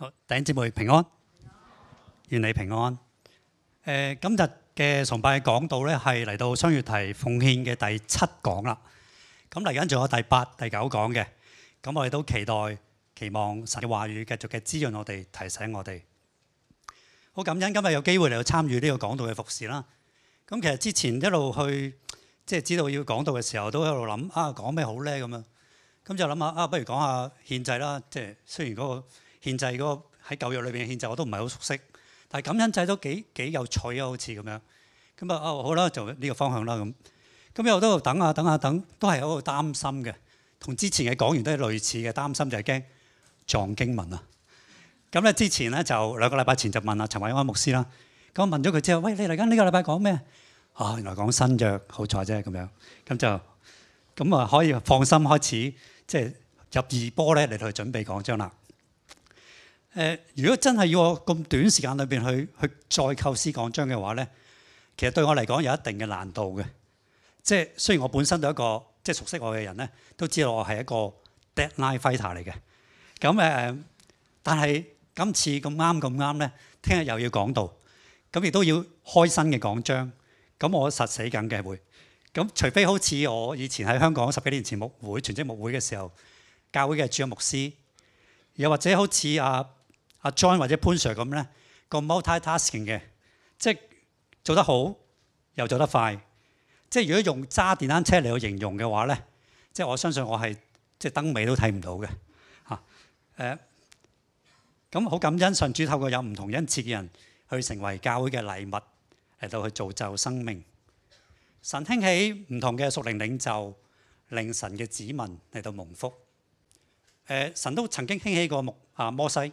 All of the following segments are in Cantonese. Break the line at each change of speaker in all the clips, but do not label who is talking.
好，頂姊妹平安，願你平安。誒、呃，今日嘅崇拜講道咧，係嚟到雙月題奉獻嘅第七講啦。咁嚟緊仲有第八、第九講嘅。咁、嗯、我哋都期待、期望神嘅話語繼續嘅滋潤我哋，提醒我哋好感恩。今日有機會嚟到參與呢個講道嘅服侍啦。咁、嗯、其實之前一路去即係知道要講道嘅時候，都一路諗啊，講咩好咧咁啊。咁、嗯、就諗下啊，不如講下獻祭啦。即係雖然嗰、那個。獻祭嗰個喺舊約裏邊嘅獻祭，我都唔係好熟悉，但係感恩祭都幾幾有趣啊，好似咁樣咁啊。哦，好啦，就呢個方向啦咁。咁又都喺度等啊等啊等，都係喺度擔心嘅，同之前嘅講員都係類似嘅擔心，就係驚撞經文啊。咁咧之前咧就兩個禮拜前就問啊陳偉安牧師啦。咁問咗佢之後，喂你嚟緊呢個禮拜講咩啊？原來講新約，好彩啫咁樣咁就咁啊，可以放心開始即係入二波咧嚟去準備講章啦。誒，如果真係要我咁短時間裏邊去去再構思講章嘅話咧，其實對我嚟講有一定嘅難度嘅。即係雖然我本身都一個即係熟悉我嘅人咧，都知道我係一個 deadline fighter 嚟嘅。咁誒，但係今次咁啱咁啱咧，聽日又要講道，咁亦都要開新嘅講章。咁我實死緊嘅會，咁除非好似我以前喺香港十幾年前牧會全職牧會嘅時候，教會嘅主任牧師，又或者好似啊～阿 John 或者潘 Sir 咁咧，個 multi-tasking 嘅，即做得好又做得快。即如果用揸電單車嚟去形容嘅話咧，即我相信我係即燈尾都睇唔到嘅嚇。咁、啊、好、嗯、感恩，上主透過有唔同恩賜嘅人去成為教會嘅禮物嚟到去造就生命。神興起唔同嘅屬靈領，領袖，令神嘅子民嚟到蒙福、嗯。神都曾經興起過木啊摩西。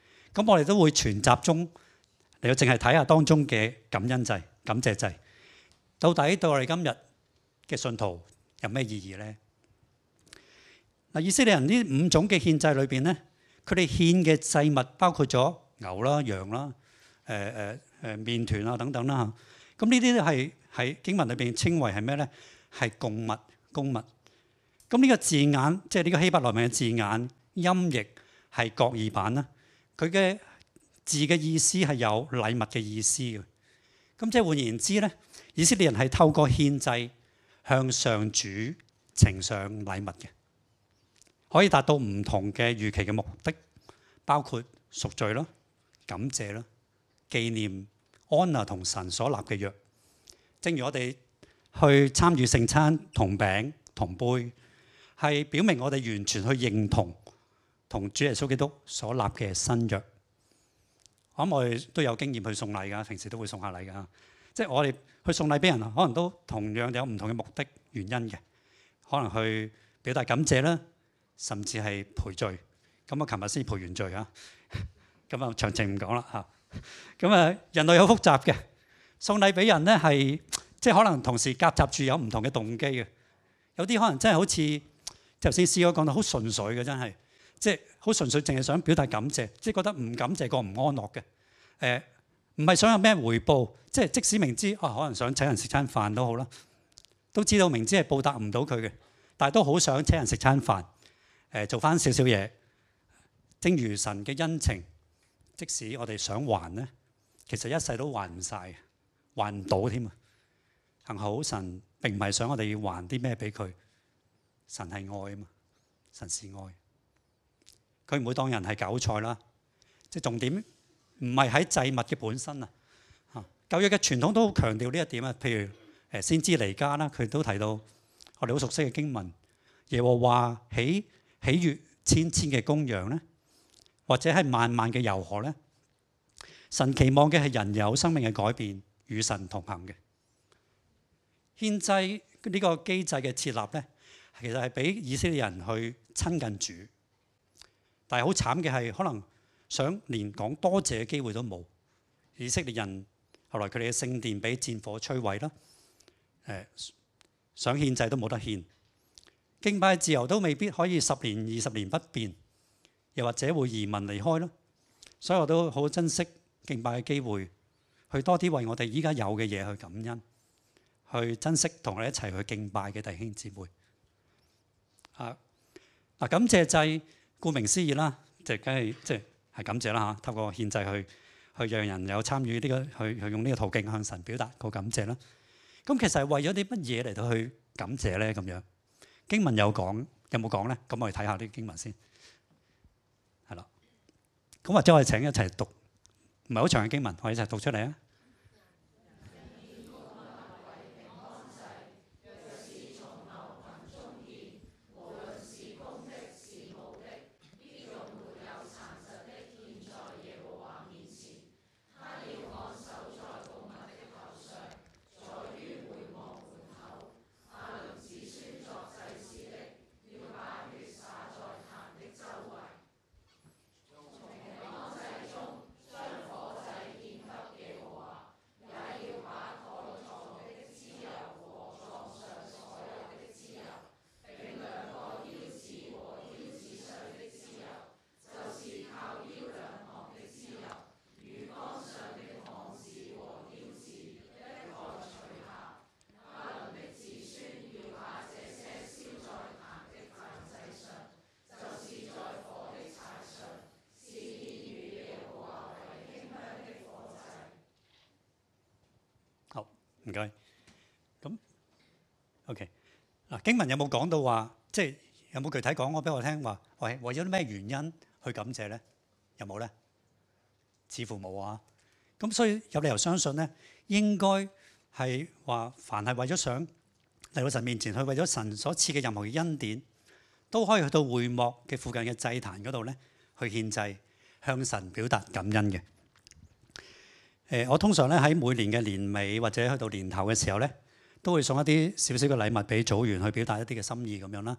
咁我哋都會全集中嚟到，淨係睇下當中嘅感恩祭、感謝祭，到底對我哋今日嘅信徒有咩意義咧？嗱，以色列人呢五種嘅獻祭裏邊咧，佢哋獻嘅祭物包括咗牛啦、羊啦、誒誒誒麵團啊等等啦。咁呢啲都係喺經文裏邊稱為係咩咧？係供物、供物。咁呢個字眼，即係呢個希伯來文嘅字眼，音譯係各耳板啦。佢嘅字嘅意思係有禮物嘅意思嘅，咁即係換言之咧，以色列人係透過獻祭向上主呈上禮物嘅，可以達到唔同嘅預期嘅目的，包括贖罪咯、感謝咯、紀念安啊同神所立嘅約。正如我哋去參與聖餐同餅同杯，係表明我哋完全去認同。同主耶穌基督所立嘅新約，我諗我哋都有經驗去送禮㗎，平時都會送下禮㗎，即係我哋去送禮俾人，可能都同樣有唔同嘅目的原因嘅，可能去表達感謝啦，甚至係賠罪。咁啊，琴日先賠完罪啊。咁啊詳情唔講啦嚇。咁啊，人類好複雜嘅，送禮俾人咧係即係可能同時夾雜住有唔同嘅動機嘅，有啲可能真係好似頭先司哥講到好純粹嘅真係。即係好純粹，淨係想表達感謝，即係覺得唔感謝過唔安樂嘅。誒，唔係想有咩回報，即係即使明知啊，可能想請人食餐飯都好啦，都知道明知係報答唔到佢嘅，但係都好想請人食餐飯，誒做翻少少嘢。正如神嘅恩情，即使我哋想還咧，其實一世都還唔晒，還唔到添啊！幸好神並唔係想我哋要還啲咩俾佢，神係愛啊嘛，神是愛。神是愛。佢唔會當人係韭菜啦，即係重點唔係喺祭物嘅本身啊！舊約嘅傳統都好強調呢一點啊，譬如誒先知彌迦啦，佢都提到我哋好熟悉嘅經文，耶和華喜喜悅千千嘅公羊咧，或者係萬萬嘅油河咧？神期望嘅係人有生命嘅改變，與神同行嘅。獻祭呢個機制嘅設立咧，其實係俾以色列人去親近主。但係好慘嘅係，可能想連講多謝嘅機會都冇。以色列人後來佢哋嘅聖殿俾戰火摧毀啦，誒、呃、想獻祭都冇得獻，敬拜嘅自由都未必可以十年、二十年不變，又或者會移民離開咯。所以我都好珍惜敬拜嘅機會，去多啲為我哋依家有嘅嘢去感恩，去珍惜同我哋一齊去敬拜嘅弟兄姊妹啊。嗱，感謝祭，就係。顧名思義啦，即係梗係即係係感謝啦嚇，透過獻祭去去讓人有參與呢個，去去用呢個途徑向神表達個感謝啦。咁其實係為咗啲乜嘢嚟到去感謝咧？咁樣經文有講，有冇講咧？咁我哋睇下啲經文先。係咯，咁或者我哋請一齊讀，唔係好長嘅經文，我哋一齊讀出嚟啊！唔該，咁 OK 嗱，經文有冇講到話，即係有冇具體講過俾我聽話，喂，為咗啲咩原因去感謝咧？有冇咧？似乎冇啊。咁所以有理由相信咧，應該係話，凡係為咗想，嚟到神面前，去為咗神所賜嘅任何嘅恩典，都可以去到會幕嘅附近嘅祭壇嗰度咧，去獻祭，向神表達感恩嘅。誒，我通常咧喺每年嘅年尾或者去到年頭嘅時候咧，都會送一啲少少嘅禮物俾組員去表達一啲嘅心意咁樣啦。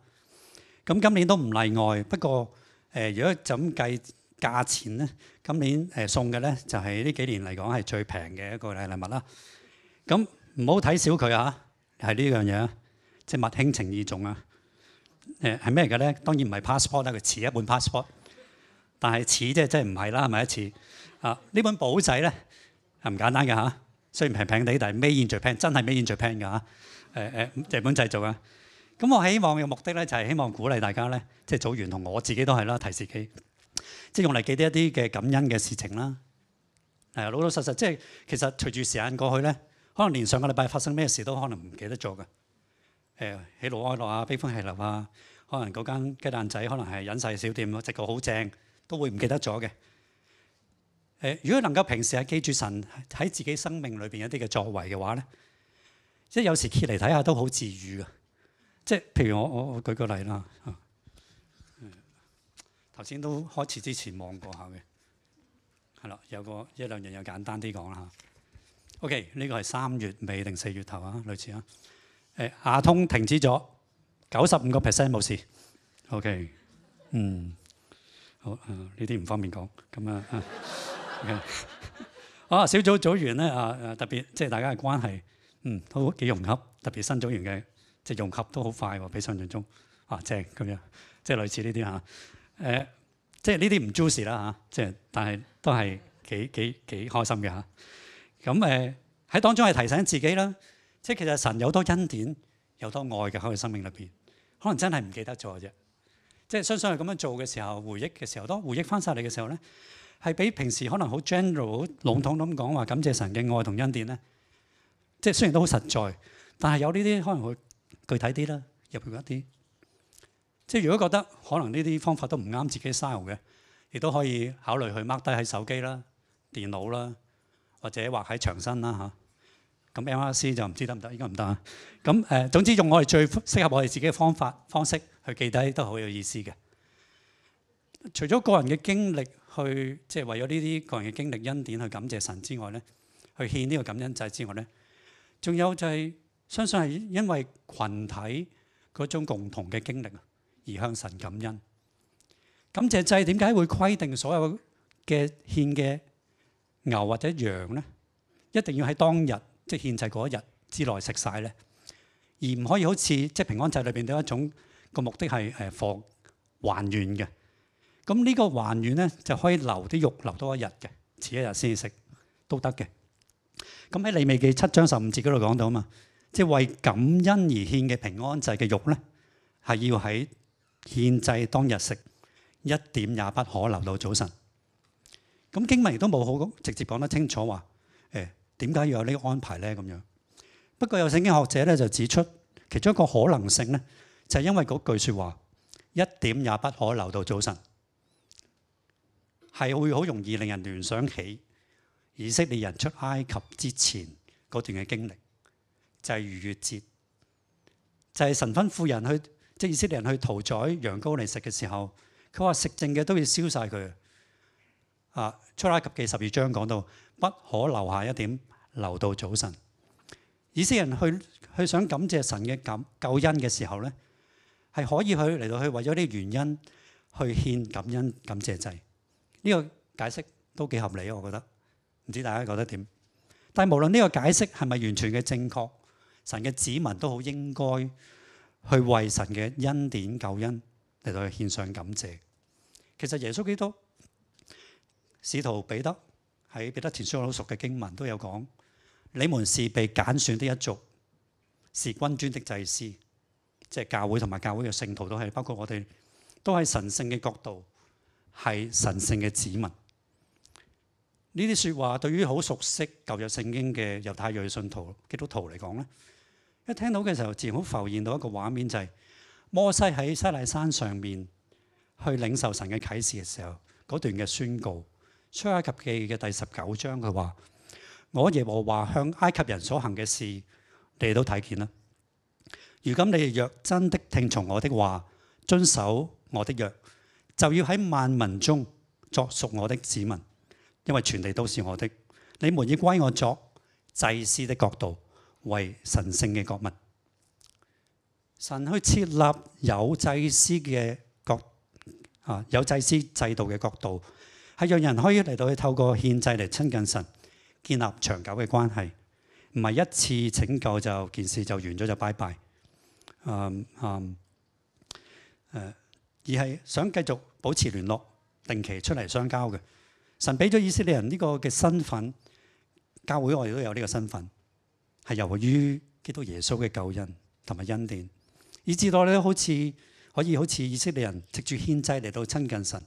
咁今年都唔例外，不過誒、呃，如果就咁計價錢咧，今年誒送嘅咧就係、是、呢幾年嚟講係最平嘅一個禮物啦。咁唔好睇小佢啊，係呢樣嘢啊，即物輕情意重啊。誒係咩嘅咧？當然唔係 passport 啦，佢似一本 passport，但係似即係真係唔係啦，係咪？似啊本呢本簿仔咧，係唔簡單㗎吓，雖然平平地，但係 Made in Japan，真係 Made in Japan 㗎吓。誒誒，日本製造啊，咁我希望嘅目的咧就係希望鼓勵大家咧，即係組員同我自己都係啦，提示機，即係用嚟記得一啲嘅感恩嘅事情啦。係老老實實，即係其實隨住時間過去咧，可能連上個禮拜發生咩事都可能唔記得咗嘅。誒、呃，喜怒哀樂啊，悲歡喜樂啊，可能嗰間雞蛋仔可能係隱世小店咯，食個好正，都會唔記得咗嘅。誒，如果能夠平時係記住神喺自己生命裏邊一啲嘅作為嘅話咧，即係有時揭嚟睇下都好治愈嘅。即係譬如我我我舉個例啦嚇，啊、嗯、頭先都開始之前望過下嘅，係啦，有個一兩樣嘢簡單啲講啦嚇。OK，啊，呢個係三月尾定四月頭啊，類似啊。誒，亞通停止咗九十五個 percent 冇事。OK，嗯，好呢啲唔方便講，咁啊嚇。 啊！ 小組組員咧啊，特別即係大家嘅關係，嗯，都幾融洽。特別新組員嘅即係融洽都好快喎，比想像中啊，正咁樣，即係類似呢啲嚇。誒、啊，即係呢啲唔做事啦嚇，即係但係都係幾幾幾開心嘅嚇。咁誒喺當中係提醒自己啦，即係其實神有多恩典，有多愛嘅喺佢生命裏邊，可能真係唔記得咗啫。即係相信係咁樣做嘅時候，回憶嘅時候，當回憶翻晒嚟嘅時候咧。係比平時可能好 general、籠統咁講話感謝神嘅愛同恩典咧，即係雖然都好實在，但係有呢啲可能會具體啲啦，入去一啲。即係如果覺得可能呢啲方法都唔啱自己 style 嘅，亦都可以考慮去 mark 低喺手機啦、電腦啦，或者畫喺牆身啦嚇。咁 MRC 就唔知得唔得？應該唔得。咁誒，總之用我哋最適合我哋自己嘅方法方式去記低都好有意思嘅。除咗個人嘅經歷。去即係為咗呢啲個人嘅經歷恩典去感謝神之外咧，去獻呢個感恩祭之外咧，仲有就係相信係因為羣體嗰種共同嘅經歷啊，而向神感恩。感謝祭點解會規定所有嘅獻嘅牛或者羊咧，一定要喺當日，即係獻祭嗰日之內食曬咧，而唔可以好似即係平安祭裏邊嘅一種個目的係誒還願嘅。咁呢個還願咧，就可以留啲肉留多一日嘅，遲一日先食都得嘅。咁喺《利未記七章十五節》嗰度講到啊嘛，即係為感恩而獻嘅平安祭嘅肉咧，係要喺獻祭當日食，一點也不可留到早晨。咁經文亦都冇好直接講得清楚話誒點解要有呢個安排咧咁樣。不過有聖經學者咧就指出，其中一個可能性咧就係因為嗰句說話一點也不可留到早晨。係會好容易令人聯想起以色列人出埃及之前嗰段嘅經歷，就係逾越節，就係神吩咐人去即係以色列人去屠宰羊羔嚟食嘅時候，佢話食剩嘅都要燒晒佢啊。出埃及記十二章講到，不可留下一點，留到早晨。以色列人去去想感謝神嘅感救恩嘅時候咧，係可以去嚟到去為咗啲原因去獻感恩感謝祭。呢、這個解釋都幾合理，我覺得唔知道大家覺得點？但係無論呢個解釋係咪完全嘅正確，神嘅子民都好應該去為神嘅恩典救恩嚟到去獻上感謝。其實耶穌基督、使徒彼得喺彼得前書好熟嘅經文都有講：你們是被揀選的一族，是君尊的祭司，即、就、係、是、教會同埋教會嘅聖徒都係，包括我哋都係神聖嘅角度。係神聖嘅子民，呢啲說話對於好熟悉舊約聖經嘅猶太裔信徒基督徒嚟講咧，一聽到嘅時候自然好浮現到一個畫面，就係、是、摩西喺西奈山上面去領受神嘅啟示嘅時候，嗰段嘅宣告出埃及記嘅第十九章佢話：我耶和華向埃及人所行嘅事，你哋都睇見啦。如今你哋若真的聽從我的話，遵守我的約。就要喺萬民中作屬我的子民，因為全地都是我的，你們要歸我作祭司的國度，為神聖嘅國物。神去設立有祭司嘅國啊，有祭司制度嘅國度，係讓人可以嚟到去透過獻祭嚟親近神，建立長久嘅關係，唔係一次拯救就件事就完咗就拜拜。嗯嗯誒。而係想繼續保持聯絡，定期出嚟相交嘅。神俾咗以色列人呢個嘅身份，教會我哋都有呢個身份，係由於基督耶穌嘅救恩同埋恩典。以至到咧，好似可以好似以色列人藉住獻祭嚟到親近神。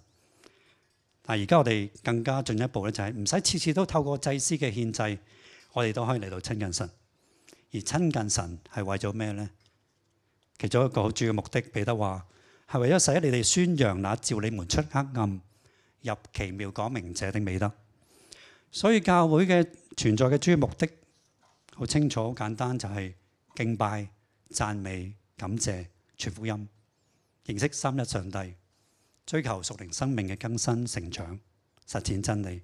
但係而家我哋更加進一步咧，就係唔使次次都透過祭司嘅獻祭，我哋都可以嚟到親近神。而親近神係為咗咩咧？其中一個好主要的目的，彼得話。係為咗使你哋宣揚，那召你們出黑暗，入奇妙光明者的美德。所以教會嘅存在嘅主要目的，好清楚、好簡單，就係、是、敬拜、讚美、感謝、傳福音，認識三一上帝，追求屬靈生命嘅更新成長，實踐真理，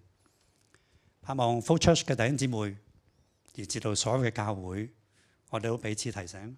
盼望 flow church 嘅弟兄姊妹，而至到所有嘅教會，我哋都彼此提醒。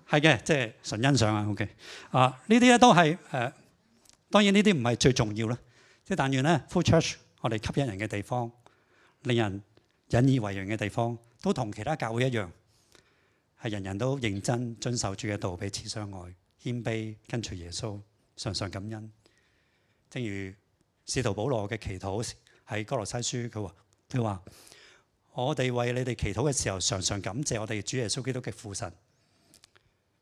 係嘅，即係純欣賞啊！OK，啊呢啲咧都係誒，當然呢啲唔係最重要啦。即係但願咧，flow church 我哋吸引人嘅地方，令人引以為榮嘅地方，都同其他教會一樣，係人人都認真遵守主嘅道，彼此相愛、謙卑、跟隨耶穌，常常感恩。正如使徒保羅嘅祈禱喺哥羅西書，佢話：佢話我哋為你哋祈禱嘅時候，常常感謝我哋主耶穌基督嘅父神。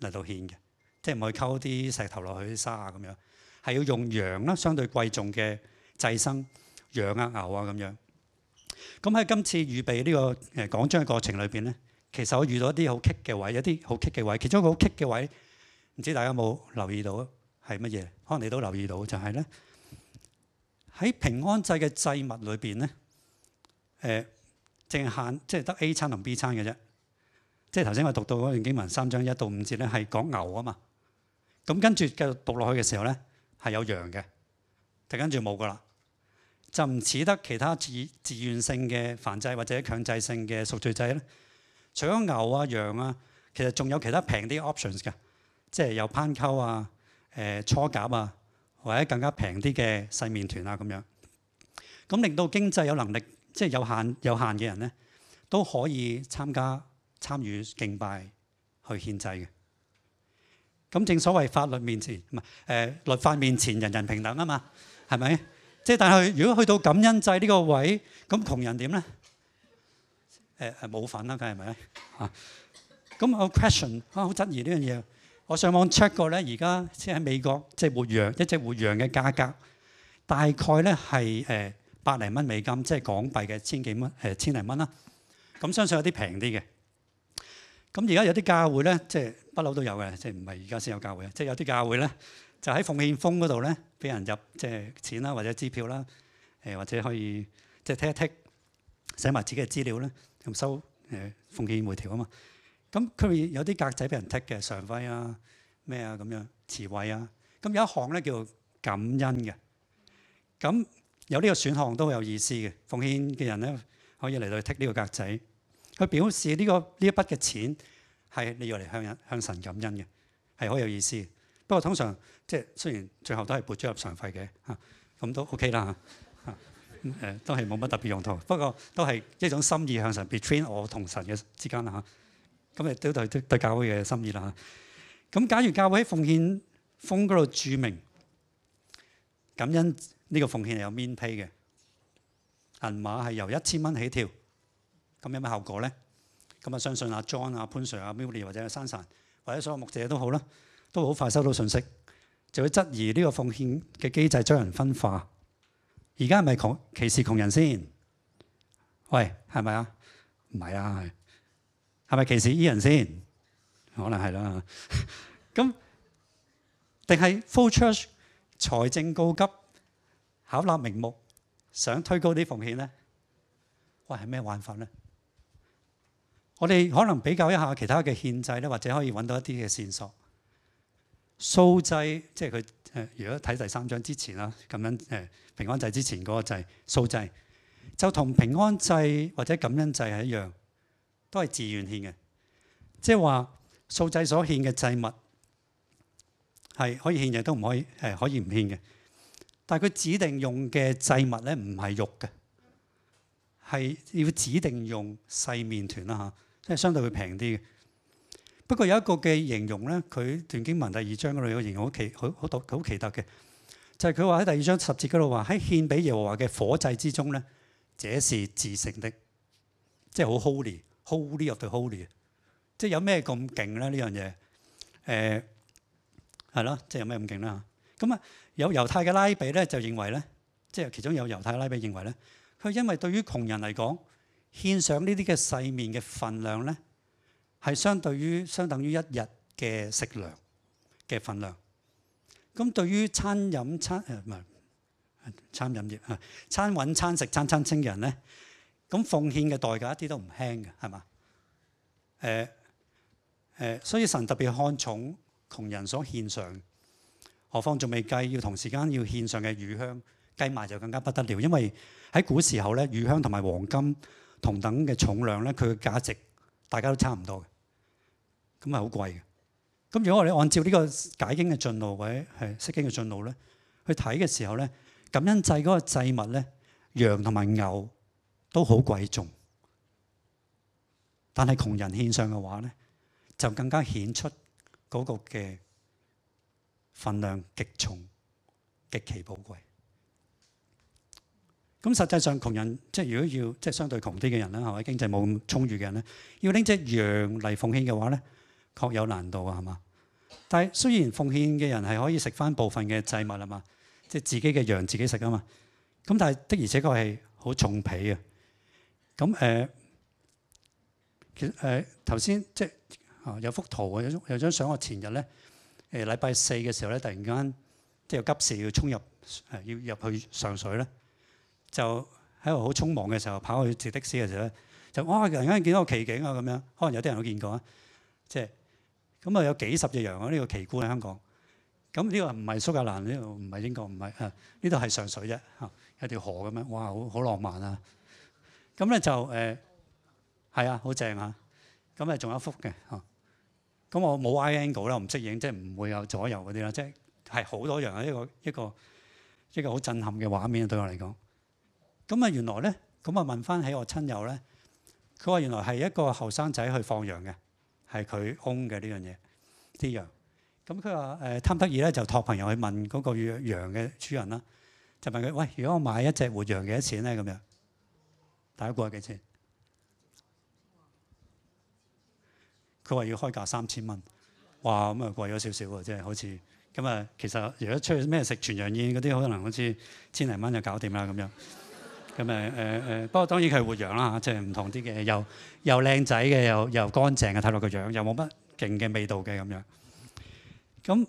嚟到獻嘅，即係唔可以溝啲石頭落去啲沙咁樣，係要用羊啦，相對貴重嘅祭牲，羊啊牛啊咁樣。咁喺今次預備呢個誒講章嘅過程裏邊咧，其實我遇到一啲好棘嘅位，有啲好棘嘅位，其中一個好棘嘅位，唔知大家有冇留意到，係乜嘢？可能你都留意到，就係咧喺平安祭嘅祭物裏邊咧，誒淨限即係得 A 餐同 B 餐嘅啫。即係頭先我讀到嗰段經文三章一到五節咧，係講牛啊嘛。咁跟住繼續讀落去嘅時候咧，係有羊嘅，就跟住冇噶啦，就唔似得其他自自願性嘅燔祭或者強制性嘅贖罪祭咧。除咗牛啊羊啊，其實仲有其他平啲 options 㗎，即係有斑鳩啊、誒雛鴿啊，或者更加平啲嘅細麵團啊咁樣。咁令到經濟有能力即係有限有限嘅人咧都可以參加。參與敬拜去獻祭嘅，咁正所謂法律面前唔係誒律法面前人人平等啊嘛，係咪？即係但係如果去到感恩祭呢個位，咁窮人點咧？誒係冇份啦，梗係咪啊？咁我 question 啊，好質疑呢樣嘢。我上網 check 過咧，而家即係喺美國即係活羊一隻活羊嘅價格，大概咧係誒百零蚊美金，即係港幣嘅千幾蚊誒千零蚊啦。咁相信有啲平啲嘅。咁而家有啲教會咧，即係不嬲都有嘅，即係唔係而家先有教會嘅，即係有啲教會咧，就喺奉獻風嗰度咧，俾人入即係錢啦，或者支票啦，誒或者可以即係 tick 一 tick，寫埋自己嘅資料咧，咁收誒奉獻回條啊嘛。咁佢有啲格仔俾人 tick 嘅，常費啊咩啊咁樣，慈惠啊。咁有一項咧叫感恩嘅。咁有呢個選項都有意思嘅，奉獻嘅人咧可以嚟到 tick 呢個格仔，佢表示呢個呢一筆嘅錢。係你要嚟向向神感恩嘅，係好有意思。不過通常即係雖然最後都係撥咗入常費嘅嚇，咁都 OK 啦嚇嚇，誒都係冇乜特別用途。不過都係一種心意向神，between 我同神嘅之間啦嚇。咁亦都對對教會嘅心意啦嚇。咁假如教會喺奉獻封嗰度註明感恩呢個奉獻係有面 pay 嘅，銀碼係由一千蚊起跳，咁有咩效果咧？咁啊，相信阿 John 啊、潘 Sir 啊、Milly、啊啊啊、或者珊珊或者所有牧者都好啦，都好快收到信息。就會質疑呢個奉獻嘅機制將人分化。而家係咪歧視窮人先？喂，係咪啊？唔係啊，係咪歧視異人先？可能係啦、啊。咁定係 Flow Church 財政告急，巧立名目，想推高啲奉獻咧？喂，係咩玩法咧？我哋可能比較一下其他嘅獻祭，咧，或者可以揾到一啲嘅線索。素祭，即係佢誒，如果睇第三章之前啦，咁樣誒平安祭之前嗰個祭素祭，就同平安祭或者感恩祭係一樣，都係自願獻嘅。即係話素祭所獻嘅祭物係可以獻嘅，都唔可以誒可以唔獻嘅。但係佢指定用嘅祭物咧唔係肉嘅，係要指定用細麵團啦嚇。即係相對會平啲嘅，不過有一個嘅形容咧，佢段經文第二章嗰度有個形容好奇、好好獨、好奇特嘅，就係佢話喺第二章十節嗰度話，喺獻俾耶和華嘅火祭之中咧，這是至聖的。即係好 holy、holy of the holy，即係有咩咁勁咧呢樣嘢？誒係咯，即係有咩咁勁啦？咁啊，有猶太嘅拉比咧就認為咧，即係其中有猶太嘅拉比認為咧，佢因為對於窮人嚟講。獻上呢啲嘅細麵嘅份量咧，係相對於相等於一日嘅食糧嘅份量。咁對於餐飲餐誒唔係餐飲業啊，餐揾餐食餐餐清嘅人咧，咁奉獻嘅代價一啲都唔輕嘅，係嘛？誒、呃、誒、呃，所以神特別看重窮人所獻上，何況仲未計要同時間要獻上嘅乳香，計埋就更加不得了。因為喺古時候咧，乳香同埋黃金。同等嘅重量咧，佢嘅價值大家都差唔多嘅，咁係好貴嘅。咁如果我哋按照呢個解經嘅進路或者釋經嘅進路咧，去睇嘅時候咧，感恩祭嗰個祭物咧，羊同埋牛都好貴重，但係窮人獻上嘅話咧，就更加顯出嗰個嘅份量極重，極其寶貴。咁實際上，窮人即係如果要即係相對窮啲嘅人咧，係咪經濟冇咁充裕嘅人咧？要拎隻羊嚟奉獻嘅話咧，確有難度啊，係嘛？但係雖然奉獻嘅人係可以食翻部分嘅祭物啊嘛，即係自己嘅羊自己食啊嘛。咁但係的而且確係好重皮啊。咁誒，其實誒頭先即係啊有幅圖啊，有有張相，我前日咧誒禮拜四嘅時候咧，突然間即係急事要衝入誒要入去上水咧。就喺度好匆忙嘅時候，跑去接的士嘅時候咧，就哇！突然間見到個奇景啊，咁樣可能有啲人都見過啊，即係咁啊有幾十隻羊啊！呢個奇觀喺香港，咁呢個唔係蘇格蘭，呢度唔係英國，唔係啊，呢度係上水啫，嚇，有一條河咁樣，哇！好好浪漫啊！咁咧就誒係啊，好正啊！咁啊仲有一幅嘅嚇，咁、啊、我冇 I angle 啦，唔識影，即係唔會有左右嗰啲啦，即係係好多羊啊！一個一個一個好震撼嘅畫面啊，對我嚟講。咁啊，原來咧，咁啊，問翻起我親友咧，佢話原來係一個後生仔去放羊嘅，係佢 own 嘅呢樣嘢啲羊。咁佢話誒貪得意咧，就託朋友去問嗰個羊嘅主人啦，就問佢：喂，如果我買一隻活羊幾多錢咧？咁樣大家估下幾錢？佢話 要開價三千蚊，哇！咁啊貴咗少少喎，即係好似咁啊。其實如果出去咩食全羊宴嗰啲，可能好似千零蚊就搞掂啦，咁樣。咁誒誒誒，不過當然佢係活羊啦，嚇，即係唔同啲嘅，又又靚仔嘅，又又乾淨嘅，睇落個樣又冇乜勁嘅味道嘅咁樣。咁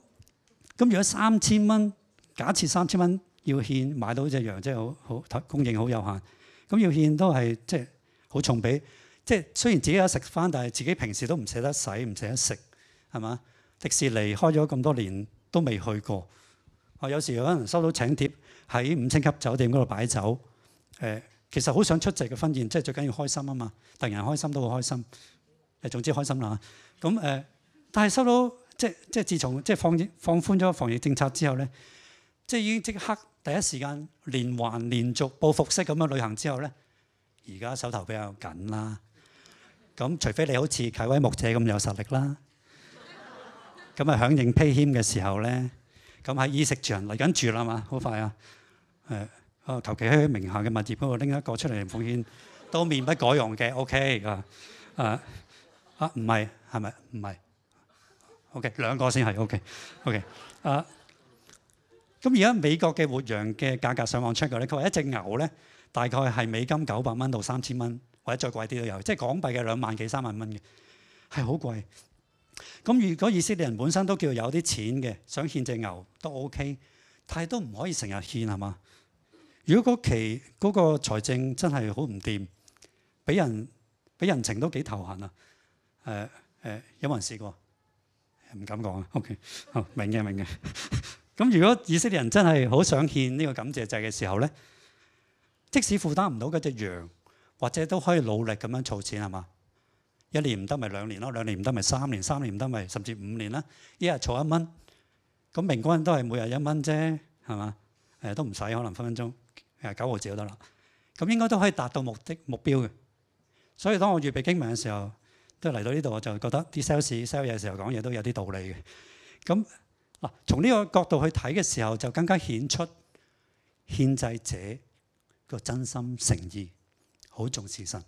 咁，如果三千蚊，假設三千蚊要獻買到隻羊，即係好好供應好有限。咁要獻都係即係好重畀，即係雖然自己有食翻，但係自己平時都唔捨得使，唔捨得食，係嘛？迪士尼開咗咁多年都未去過，啊，有時可能收到請帖喺五星級酒店嗰度擺酒。誒、呃，其實好想出席嘅婚宴，即係最緊要開心啊嘛！突然開心都好開心，誒總之開心啦咁誒，但係收到即係即係自從即係放放寬咗防疫政策之後咧，即係已經即刻第一時間連環連續報復式咁樣旅行之後咧，而家手頭比較緊啦。咁除非你好似啟威牧者咁有實力啦，咁啊響應披肩嘅時候咧，咁喺衣食住嚟緊住啦嘛，好快啊，誒、呃。啊！求其喺名下嘅物業嗰度拎一個出嚟奉獻，都面不改容嘅。OK 啊啊啊！唔係係咪？唔係。OK，兩個先係 OK。OK 啊！咁而家美國嘅活羊嘅價格上網 check 過咧，佢話一隻牛咧大概係美金九百蚊到三千蚊，或者再貴啲都有，即係港幣嘅兩萬幾三萬蚊嘅，係好貴。咁如果以色列人本身都叫有啲錢嘅，想獻隻牛都 OK，但係都唔可以成日獻係嘛？如果嗰期嗰個財政真係好唔掂，俾人俾人情都幾頭痕啊！誒誒，有冇人試過？唔敢講啊。OK，好明嘅明嘅。咁如果以色列人真係好想獻呢個感謝祭嘅時候咧，即使負擔唔到嗰隻羊，或者都可以努力咁樣儲錢係嘛？一年唔得咪兩年咯，兩年唔得咪三年，三年唔得咪甚至五年啦，一日儲一蚊，咁平均都係每日一蚊啫，係嘛？誒都唔使可能分分鐘。誒九毫紙就得啦，咁應該都可以達到目的目標嘅。所以當我預備經文嘅時候，都嚟到呢度，我就覺得啲 sales sell 嘢嘅時候講嘢都有啲道理嘅。咁嗱，從呢個角度去睇嘅時候，就更加顯出獻祭者個真心誠意，好重視神，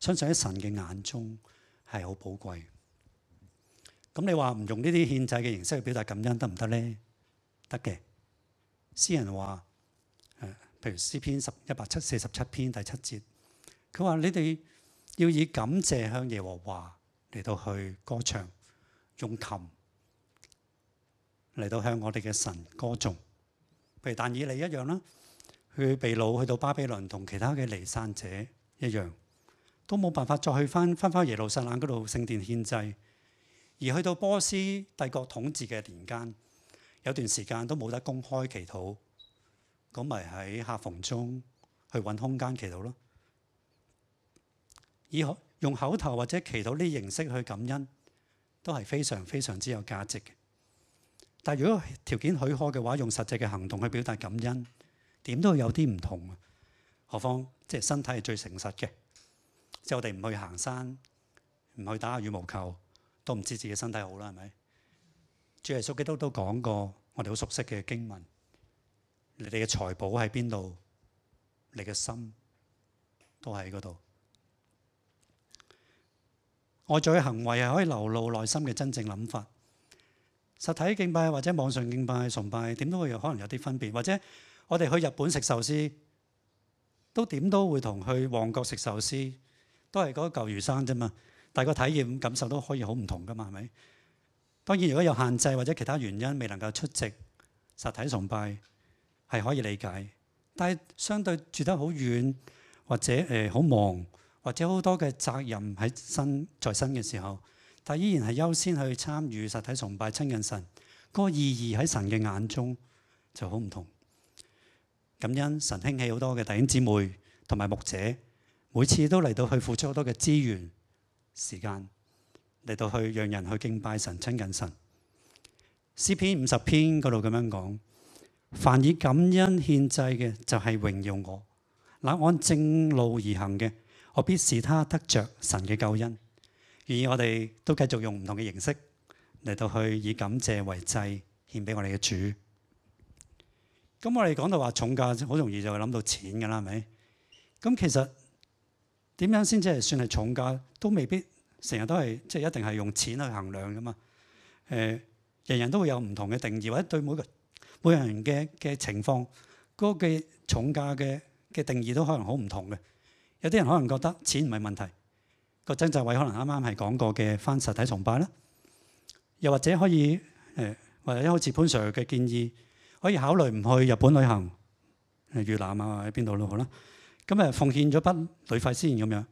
相信喺神嘅眼中係好寶貴。咁你話唔用呢啲獻祭嘅形式去表達感恩得唔得咧？得嘅。詩人話：誒。譬如詩篇一百四十七篇第七節，佢話：你哋要以感謝向耶和華嚟到去歌唱，用琴嚟到向我哋嘅神歌頌。譬如但以理一樣啦，佢被擄去到巴比倫，同其他嘅離散者一樣，都冇辦法再回去翻翻返耶路撒冷嗰度聖殿獻祭，而去到波斯帝國統治嘅年間，有段時間都冇得公開祈禱。咁咪喺客房中去揾空間祈禱咯，以用口頭或者祈禱呢形式去感恩，都係非常非常之有價值嘅。但係如果條件許可嘅話，用實際嘅行動去表達感恩，點都會有啲唔同啊。何況即係身體係最誠實嘅，即係我哋唔去行山，唔去打下羽毛球，都唔知自己身體好啦，係咪？主耶穌基督都講過，我哋好熟悉嘅經文。你哋嘅財寶喺邊度？你嘅心都喺嗰度。外在嘅行為係可以流露內心嘅真正諗法。實體敬拜或者網上敬拜崇拜，點都會有可能有啲分別。或者我哋去日本食壽司，都點都會同去旺角食壽司都係嗰嚿魚生啫嘛，但係個體驗感受都可以好唔同噶嘛，係咪？當然，如果有限制或者其他原因未能夠出席實體崇拜。係可以理解，但係相對住得好遠，或者誒好、呃、忙，或者好多嘅責任喺身在身嘅時候，但依然係優先去參與實體崇拜親近神，嗰、嗰個意義喺神嘅眼中就好唔同。感恩神興起好多嘅弟兄姊妹同埋牧者，每次都嚟到去付出好多嘅資源時間嚟到去讓人去敬拜神親近神。詩篇五十篇嗰度咁樣講。凡以感恩獻祭嘅，就係榮耀我。嗱，按正路而行嘅，我必使他得着神嘅救恩。願我哋都繼續用唔同嘅形式嚟到去以感謝為祭獻俾我哋嘅主。咁我哋講到話重價，好容易就會諗到錢噶啦，係咪？咁其實點樣先至係算係重價？都未必成日都係即係一定係用錢去衡量噶嘛。誒、呃，人人都會有唔同嘅定義，或者對每個。每人嘅嘅情況，嗰嘅重價嘅嘅定義都可能好唔同嘅。有啲人可能覺得錢唔係問題，個曾志偉可能啱啱係講過嘅返實體崇拜啦，又或者可以誒，或者一開始潘 Sir 嘅建議，可以考慮唔去日本旅行，越南啊喺邊度都好啦。咁誒奉獻咗筆旅費先咁樣。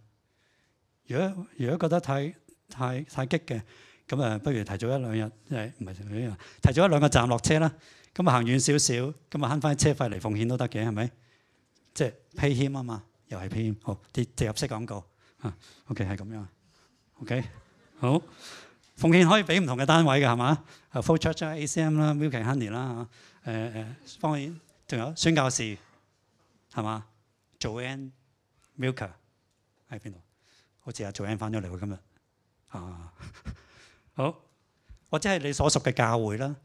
如果如果覺得太太太激嘅，咁啊，不如提早一兩日，即係唔係咁樣？提早一兩個站落車啦，咁啊行遠少少，咁啊慳翻啲車費嚟奉獻都得嘅，係咪？即係披獻啊嘛，又係披獻。好，啲植入式廣告啊，OK 係咁樣。OK，好，奉獻可以俾唔同嘅單位㗎，係嘛？啊，flow church 啦，ACM 啦，Milky Honey 啦嚇，誒誒，當然仲有宣教士，係嘛？Joanne，Milka 喺邊度？好似阿 Joanne 翻咗嚟喎，今日啊。好，或者係你所屬嘅教會啦。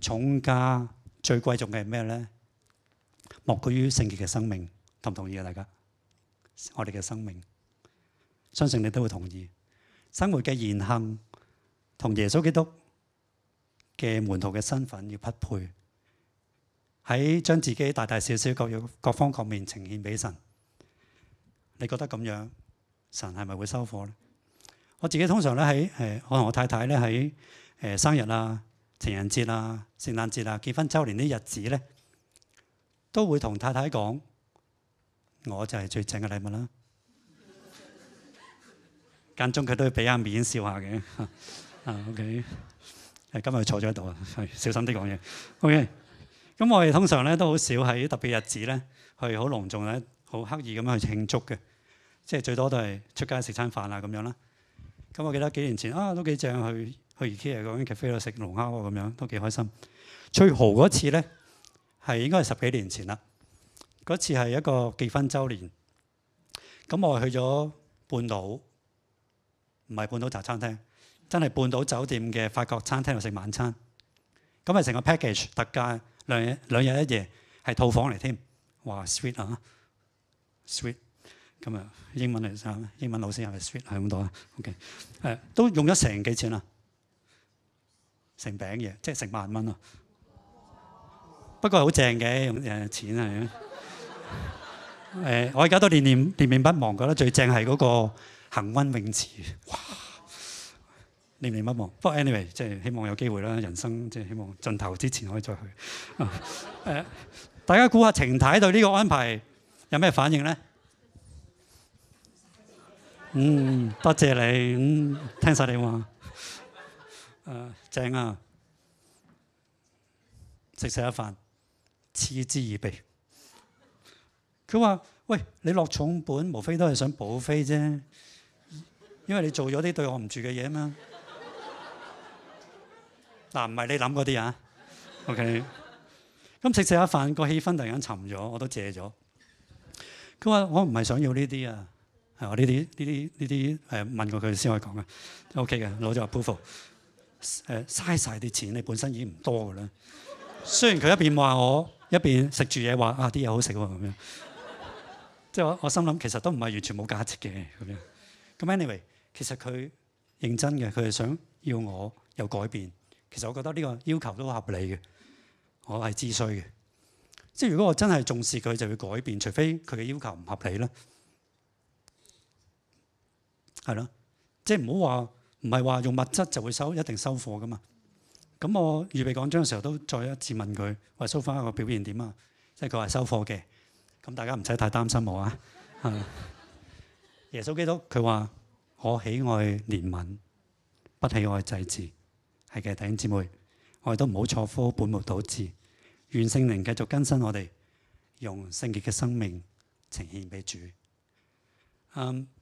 重價最貴重嘅係咩咧？莫過於聖潔嘅生命，同唔同意啊？大家，我哋嘅生命，相信你都會同意。生活嘅言行同耶穌基督嘅門徒嘅身份要匹配，喺將自己大大小小各樣各方各面呈現俾神。你覺得咁樣，神係咪會收貨咧？我自己通常咧喺誒，我同我太太咧喺誒生日啊、情人節啊、聖誕節啊、結婚周年啲日子咧，都會同太太講，我就係最正嘅禮物啦。間 中佢都要俾下面笑下嘅啊。OK，係今日坐咗喺度啊，係小心啲講嘢。OK，咁我哋通常咧都好少喺特別日子咧去好隆重咧，好刻意咁樣去慶祝嘅，即係最多都係出街食餐飯啊咁樣啦。咁我記得幾年前啊，都幾正去去 IKEA 啊嗰間咖啡度食龍蝦喎，咁樣都幾開心。最豪嗰次咧，係應該係十幾年前啦。嗰次係一個結婚週年，咁我係去咗半島，唔係半島茶餐廳，真係半島酒店嘅法國餐廳度食晚餐。咁係成個 package 特價兩兩日一夜，係套房嚟添，哇 sweet 啊，sweet！今日，英文嚟嘅，英文老師係咪 sweet 係咁多啊？OK，誒都用咗成幾錢啊？成餅嘢，即係成萬蚊咯。不過好正嘅，誒錢係啊。誒，我而家都念念念念不忘，覺得最正係嗰個恆溫泳池，哇！念念不忘。不過 anyway，即係希望有機會啦，人生即係希望盡頭之前可以再去。誒，大家估下程太對呢個安排有咩反應咧？嗯，多謝你，聽曬你話，誒正啊，食食下飯，嗤之以鼻。佢話：喂，你落重本，無非都係想補飛啫，因為你做咗啲對我唔住嘅嘢啊嘛。嗱，唔係你諗嗰啲啊。OK，咁食食下飯，個氣氛突然間沉咗，我都謝咗。佢話：我唔係想要呢啲啊。係我呢啲呢啲呢啲誒問過佢先可以講嘅，O.K. 嘅攞咗個 proof 誒嘥晒啲錢，你本身已經唔多嘅啦。雖然佢一邊話我一邊食住嘢，話啊啲嘢好食喎咁樣， 即係我我心諗其實都唔係完全冇價值嘅咁樣。咁 anyway，其實佢認真嘅，佢係想要我有改變。其實我覺得呢個要求都合理嘅，我係知衰嘅。即係如果我真係重視佢，就要改變，除非佢嘅要求唔合理啦。係咯，即係唔好話，唔係話用物質就會收，一定收貨噶嘛。咁我預備講章嘅時候都再一次問佢，喂，so far，我表現點啊？即係佢話收貨嘅，咁大家唔使太擔心我啊。 耶穌基督佢話：我喜愛憐憫，不喜愛祭祀。係嘅，弟兄姊妹，我哋都唔好錯科本末倒置，願聖靈繼續更新我哋，用聖潔嘅生命呈現俾主。嗯、um,。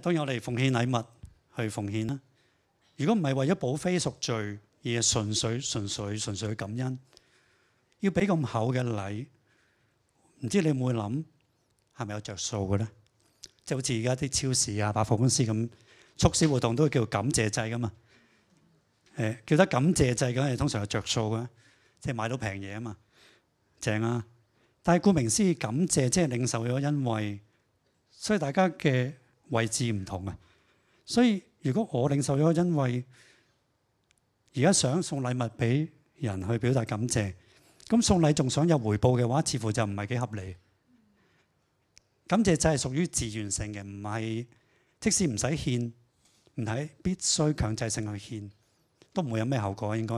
當然，我哋奉獻禮物去奉獻啦。如果唔係為咗補非贖罪，而係純粹、純粹、純粹感恩，要俾咁厚嘅禮，唔知你會唔會諗係咪有着數嘅咧？就好似而家啲超市啊、百貨公司咁促銷活動都叫感謝祭噶嘛？誒，叫得感謝祭咁，係通常有着數嘅，即係買到平嘢啊嘛，正啊。但係顧名思義，感謝即係領受咗恩惠，所以大家嘅。位置唔同啊，所以如果我領受咗，因為而家想送禮物俾人去表達感謝，咁送禮仲想有回報嘅話，似乎就唔係幾合理。感謝就係屬於自願性嘅，唔係即使唔使獻，唔係必須強制性去獻，都唔會有咩後果應該。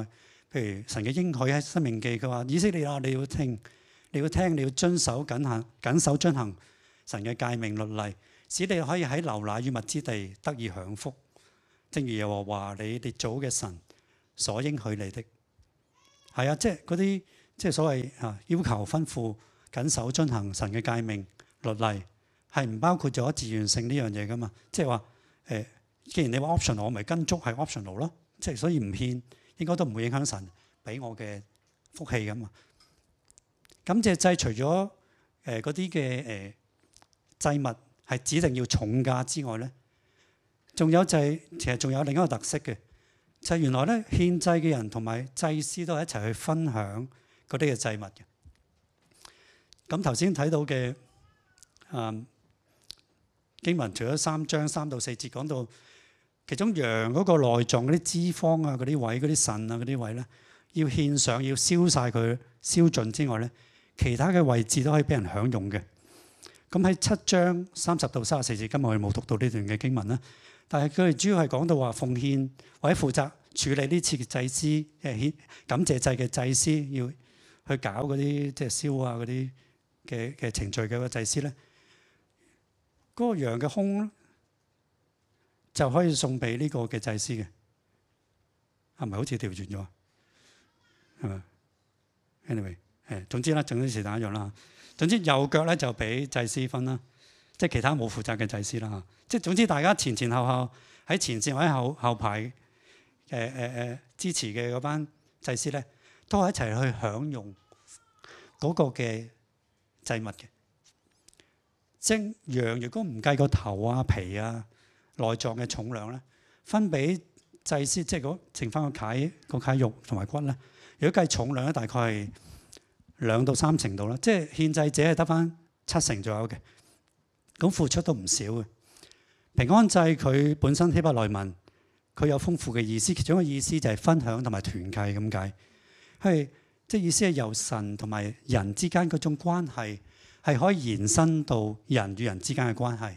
譬如神嘅應許喺申命記，嘅話以色列啊，你要聽，你要聽，你要遵守謹行，謹守遵行神嘅誡命律例。使你可以喺流奶與蜜之地得以享福，正如耶和華你列祖嘅神所應許你的係啊，即係嗰啲即係所謂啊要求吩咐、緊守遵行神嘅誡命律例，係唔包括咗自願性呢樣嘢噶嘛？即係話誒，既然你話 optional，我咪跟足係 optional 咯。即係所以唔獻應該都唔會影響神俾我嘅福氣噶嘛。咁就剷除咗誒嗰啲嘅誒祭物。係指定要重價之外咧，仲有就係、是，其實仲有另一個特色嘅，就係、是，原來咧獻祭嘅人同埋祭司都係一齊去分享嗰啲嘅祭物嘅。咁頭先睇到嘅，嗯、經文，除咗三章三到四節講到，其中羊嗰個內臟嗰啲脂肪啊、嗰啲位、嗰啲腎啊、嗰啲位咧，要獻上，要燒晒佢，燒盡之外咧，其他嘅位置都可以俾人享用嘅。咁喺七章三十到三十四節，今日我哋冇讀到呢段嘅經文啦。但係佢哋主要係講到話奉獻或者負責處理呢次嘅祭司，誒感謝祭嘅祭司要去搞嗰啲即係燒啊嗰啲嘅嘅程序嘅祭司咧，嗰個羊嘅胸就可以送俾呢個嘅祭司嘅，係咪好似調轉咗啊？係咪？Anyway，誒總之啦，總之時同一樣啦。總之右腳咧就俾祭司分啦，即係其他冇負責嘅祭司啦嚇。即係總之大家前前後後喺前線或者後後排誒誒誒支持嘅嗰班祭司咧，都係一齊去享用嗰個嘅祭物嘅。即羊，如果唔計個頭啊皮啊內臟嘅重量咧，分俾祭司，即係嗰剩翻個蟹個蟹肉同埋骨咧。如果計重量咧，大概係，兩到三成度啦，即係獻祭者係得翻七成左右嘅，咁付出都唔少嘅。平安祭佢本身希伯來文佢有豐富嘅意思，其中嘅意思就係分享同埋團契咁解。係即係意思係由神同埋人之間嗰種關係係可以延伸到人與人之間嘅關係，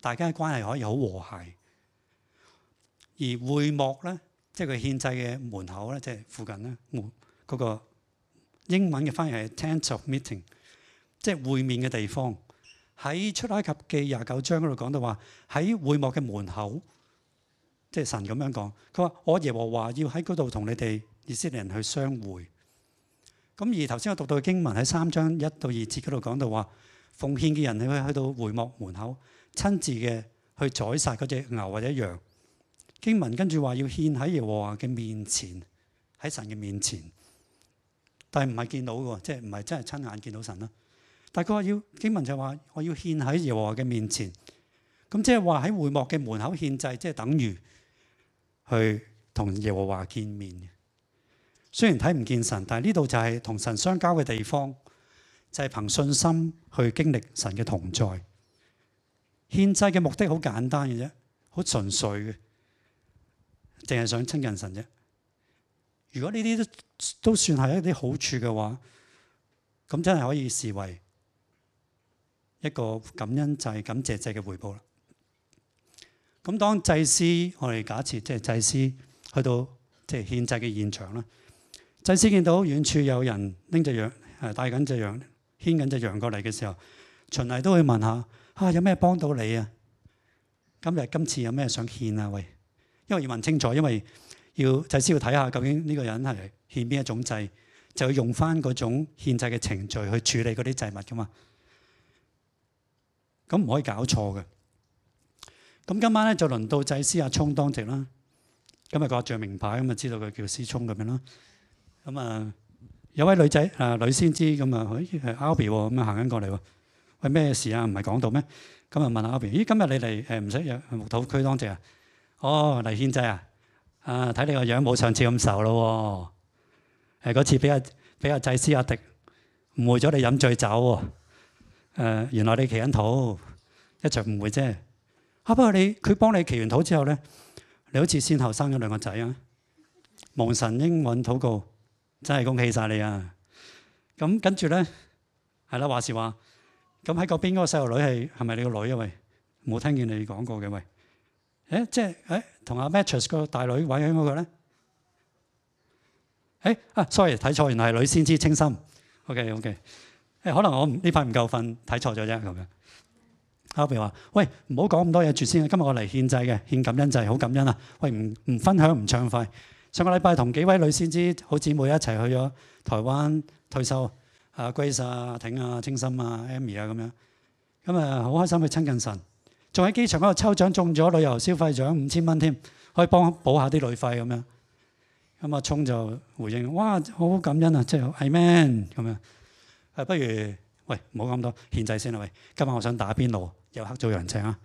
大家嘅關係可以好和諧。而會幕咧，即係佢獻祭嘅門口咧，即係附近咧，嗰個。英文嘅翻譯係 tent of meeting，即係會面嘅地方。喺出埃及記廿九章嗰度講到話，喺會幕嘅門口，即係神咁樣講，佢話：我耶和華要喺嗰度同你哋以色列人去相會。咁而頭先我讀到嘅經文喺三章一到二節嗰度講到話，奉獻嘅人喺喺到會幕門口親自嘅去宰殺嗰隻牛或者羊。經文跟住話要獻喺耶和華嘅面前，喺神嘅面前。但係唔係見到嘅喎，即係唔係真係親眼見到神啦。但係佢話要，經文就話我要獻喺耶和華嘅面前，咁即係話喺會幕嘅門口獻祭，即係等於去同耶和華見面。雖然睇唔見神，但係呢度就係同神相交嘅地方，就係憑信心去經歷神嘅同在。獻祭嘅目的好簡單嘅啫，好純粹嘅，淨係想親近神啫。如果呢啲都都算係一啲好處嘅話，咁真係可以視為一個感恩祭、感謝祭嘅回報啦。咁當祭司，我哋假設即係祭司去到即係獻祭嘅現場啦。祭司見到遠處有人拎隻羊，誒帶緊隻羊、牽緊隻羊過嚟嘅時候，循例都會問下：啊，有咩幫到你啊？今日今次有咩想獻啊？喂，因為要問清楚，因為。要祭司，要睇下究竟呢個人係欠邊一種祭，就要用翻嗰種獻祭嘅程序去處理嗰啲祭物噶嘛，咁唔可以搞錯嘅。咁今晚咧就輪到祭司阿聰當值啦。今日個著名牌咁啊，知道佢叫思聰咁樣啦。咁啊，有位女仔啊，女先知咁啊，哎，係 Albie 喎，咁啊行緊過嚟喎。喂，咩事啊？唔係講到咩？咁啊問下 Albie，咦，今日你嚟誒唔使入木土區當值啊？哦，嚟獻祭啊！啊！睇你個樣冇上次咁愁咯喎，嗰、啊、次俾阿俾阿祭司阿迪誤會咗你飲醉酒喎、啊，原來你祈緊禱，一場誤會啫，嚇、啊、不過你佢幫你祈完禱之後咧，你好似先後生咗兩個仔啊！蒙神應允禱告，真係恭喜晒你啊！咁跟住咧，係啦話時話，咁喺嗰邊嗰個細路女係係咪你個女啊？喂，冇聽見你講過嘅喂。誒即係誒同阿 Mattress 個大女位嗰個咧，誒啊，sorry 睇錯，原來係女先知清心。OK OK，誒可能我唔呢排唔夠瞓，睇錯咗啫咁樣。阿 B 話：喂，唔好講咁多嘢住先，今日我嚟獻祭嘅，獻感恩祭，好感恩啊！喂，唔唔分享唔暢快。上個禮拜同幾位女先知好姊妹一齊去咗台灣退修，阿 Grace 啊、婷啊、清心啊、Amy 啊咁樣，咁啊好開心去親近神。仲喺機場嗰度抽獎中咗旅遊消費獎五千蚊添，可以幫補下啲旅費咁樣。咁阿聰就回應：哇，好感恩啊！即係 I man 咁樣、誒。不如喂，唔好咁多，獻祭先啦，喂。今晚我想打邊爐，有客做人情啊。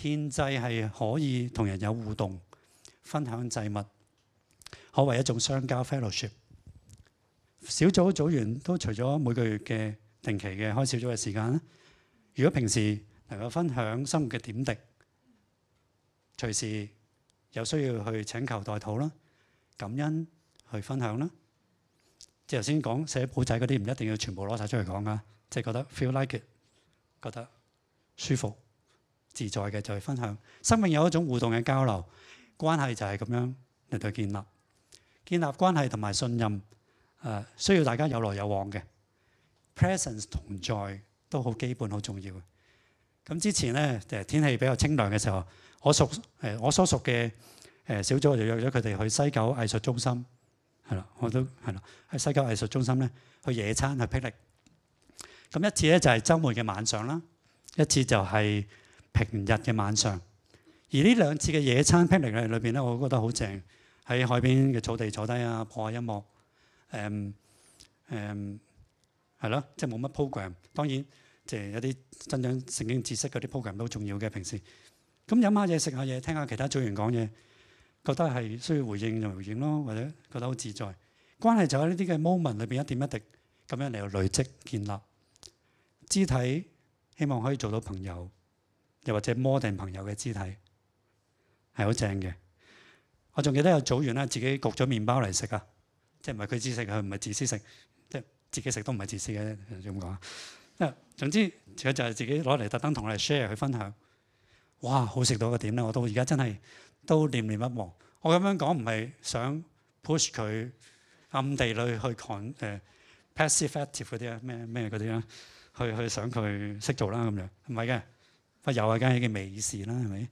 獻祭係可以同人有互動、分享祭物，可謂一種相交 fellowship。小組組員都除咗每個月嘅定期嘅開小組嘅時間，如果平時，能夠分享，生活嘅點滴，隨時有需要去請求代禱啦，感恩去分享啦。即頭先講寫簿仔嗰啲，唔一定要全部攞晒出嚟講啦。即、就是、覺得 feel like it, 覺得舒服自在嘅，就去、是、分享。生命有一種互動嘅交流關係，就係咁樣嚟到建立、建立關係同埋信任。誒，需要大家有來有往嘅 presence 同在都好基本、好重要嘅。咁之前咧，誒天氣比較清涼嘅時候，我屬誒我所屬嘅誒小組就約咗佢哋去西九藝術中心，係啦，我都係啦，喺西九藝術中心咧去野餐去 picnic。咁一次咧就係週末嘅晚上啦，一次就係平日嘅晚上。而呢兩次嘅野餐 picnic 咧裏邊咧，我覺得好正，喺海邊嘅草地坐低啊，播下音樂，誒誒，係咯，即係冇乜 program，當然。即係一啲增長聖經知識嗰啲 program 都好重要嘅。平時咁飲下嘢，食下嘢，聽下其他組員講嘢，覺得係需要回應就回應咯，或者覺得好自在。關係就喺呢啲嘅 moment 裏邊一點一滴咁樣嚟到累積建立肢體，希望可以做到朋友，又或者 model 朋友嘅肢體係好正嘅。我仲記得有組員咧自己焗咗麵包嚟食啊，即係唔係佢自己食，佢唔係自私食，即係自己食都唔係自私嘅。點講啊？誒，總之佢就係自己攞嚟，特登同我哋 share 去分享。哇！好食到個點咧，我到而家真係都念念不忘。我咁樣講唔係想 push 佢暗地裏去 con 誒 passive active 嗰啲啊，咩咩嗰啲啊，去去想佢識做啦咁樣，唔係嘅。發油啊，梗係嘅美事啦，係咪？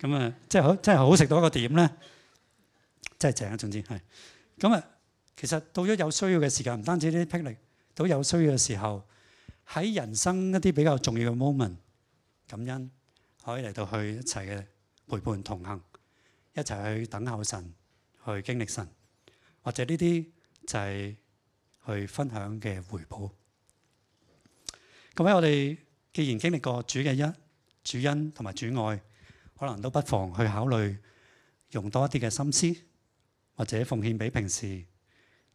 咁啊，即係好，即係好食到一個點咧，真係正啊！總之係咁啊。其實到咗有需要嘅時間，唔單止呢啲霹靂，到有需要嘅時候。喺人生一啲比較重要嘅 moment，感恩可以嚟到去一齊嘅陪伴同行，一齊去等候神，去經歷神，或者呢啲就係去分享嘅回報。咁喺我哋既然經歷過主嘅一主恩同埋主愛，可能都不妨去考慮用多一啲嘅心思，或者奉獻俾平時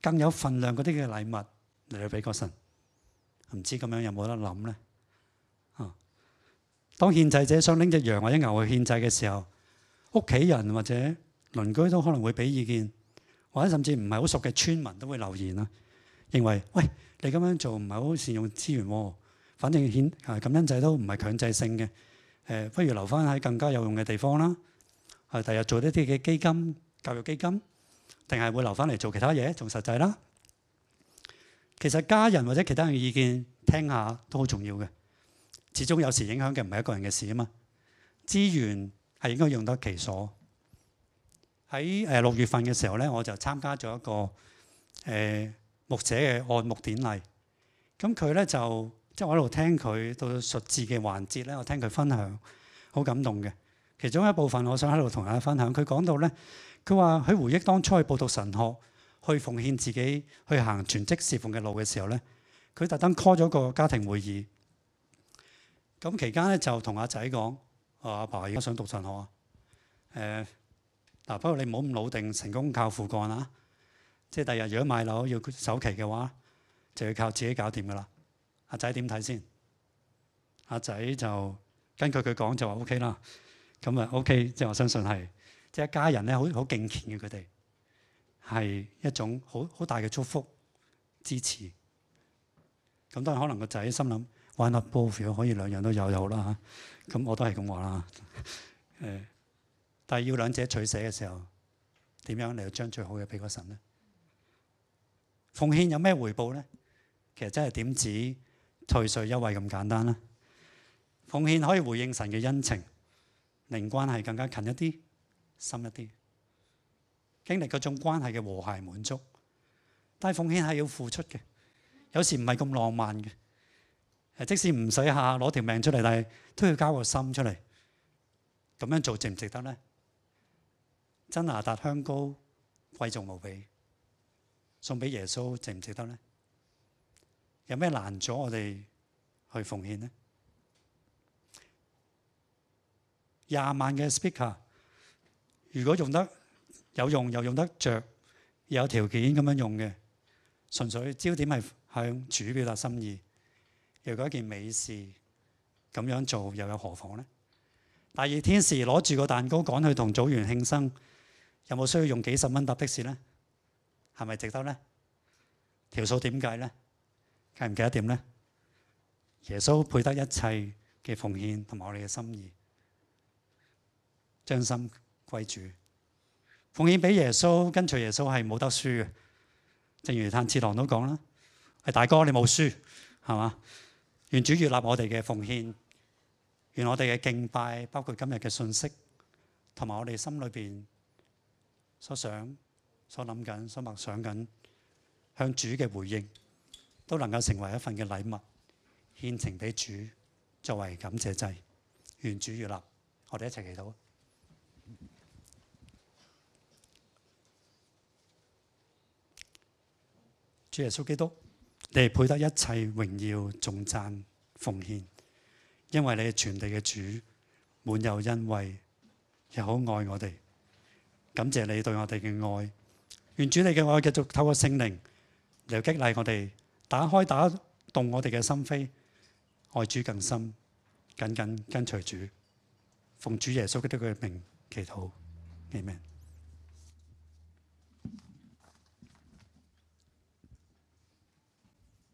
更有份量嗰啲嘅禮物嚟到俾個神。唔知咁樣有冇得諗咧？啊，當獻祭者想拎隻羊或者牛去獻祭嘅時候，屋企人或者鄰居都可能會俾意見，或者甚至唔係好熟嘅村民都會留言啦，認為：喂，你咁樣做唔係好善用資源喎。反正獻啊咁恩祭都唔係強制性嘅，誒，不如留翻喺更加有用嘅地方啦。係第日做一啲嘅基金、教育基金，定係會留翻嚟做其他嘢，仲實際啦。其實家人或者其他人嘅意見聽下都好重要嘅，始終有時影響嘅唔係一個人嘅事啊嘛。資源係應該用得其所。喺誒六月份嘅時候咧，我就參加咗一個誒、呃、牧者嘅按牧典禮。咁佢咧就即係我喺度聽佢到述字嘅環節咧，我聽佢分享好感動嘅。其中一部分我想喺度同大家分享，佢講到咧，佢話佢回憶當初去報讀神學。去奉獻自己去行全職侍奉嘅路嘅時候咧，佢特登 call 咗個家庭會議。咁期間咧就同阿仔講，啊，阿爸而家想讀神學。誒，嗱，不過你唔好咁老定，成功靠父幹啊！即係第日如果買樓要首期嘅話，就要靠自己搞掂噶啦。阿仔點睇先？阿仔就根據佢講就話 OK 啦。咁啊 OK，即係我相信係，即係一家人咧好好敬虔嘅佢哋。係一種好好大嘅祝福支持，咁當然可能個仔心諗 One and both 可以兩樣都有就好啦嚇，咁我都係咁話啦。誒， 但係要兩者取捨嘅時候，點樣嚟將最好嘅俾個神咧？奉獻有咩回報咧？其實真係點止退稅優惠咁簡單啦。奉獻可以回應神嘅恩情，令關係更加近一啲、深一啲。經歷嗰種關係嘅和諧滿足，但係奉獻係要付出嘅，有時唔係咁浪漫嘅。誒，即使唔使下攞條命出嚟，但係都要交個心出嚟。咁樣做值唔值得咧？真哪噠香膏貴重無比，送俾耶穌值唔值得咧？有咩難阻我哋去奉獻咧？廿萬嘅 speaker，如果用得？有用又用得着，有條件咁樣用嘅，純粹焦點係向主表達心意。如果一件美事咁樣做，又有何妨呢？大熱天時攞住個蛋糕趕去同組員慶生，有冇需要用幾十蚊搭的士呢？係咪值得呢？條數點計呢？記唔記得點呢？耶穌配得一切嘅奉獻同埋我哋嘅心意，將心歸主。奉獻俾耶穌，跟隨耶穌係冇得輸嘅。正如炭治郎都講啦，係大哥你冇輸，係嘛？願主悅納我哋嘅奉獻，願我哋嘅敬拜，包括今日嘅信息，同埋我哋心裏邊所想、所諗緊、所默想緊，向主嘅回應，都能夠成為一份嘅禮物，獻呈俾主作為感謝祭。願主悅納，我哋一齊祈禱。主耶穌基督，你係配得一切榮耀、頌讚、奉獻，因為你係全地嘅主，滿有恩惠，又好愛我哋。感謝你對我哋嘅愛，願主你嘅愛繼續透過聖靈嚟激勵我哋，打開、打動我哋嘅心扉，愛主更深，緊緊跟隨主，奉主耶穌基督嘅名祈禱，阿門。